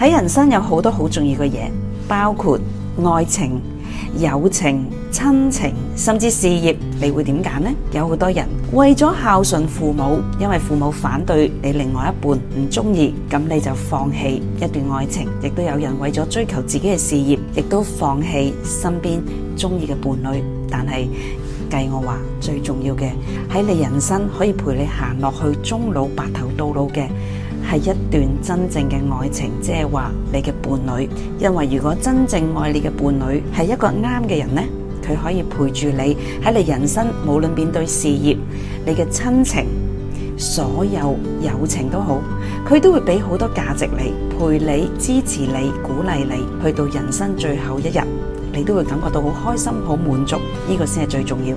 喺人生有好多好重要嘅嘢，包括愛情、友情、親情，甚至事業，你會點揀呢？有好多人為咗孝順父母，因為父母反對你另外一半唔中意，咁你就放棄一段愛情；亦都有人為咗追求自己嘅事業，亦都放棄身邊中意嘅伴侶。但係計我話最重要嘅，喺你人生可以陪你行落去終老白頭到老嘅。係一段真正嘅愛情，即係話你嘅伴侶。因為如果真正愛你嘅伴侶係一個啱嘅人呢，佢可以陪住你喺你人生，無論面對事業、你嘅親情、所有友情都好，佢都會俾好多價值你，陪你、支持你、鼓勵你，去到人生最後一日，你都會感覺到好開心、好滿足，呢、這個先係最重要。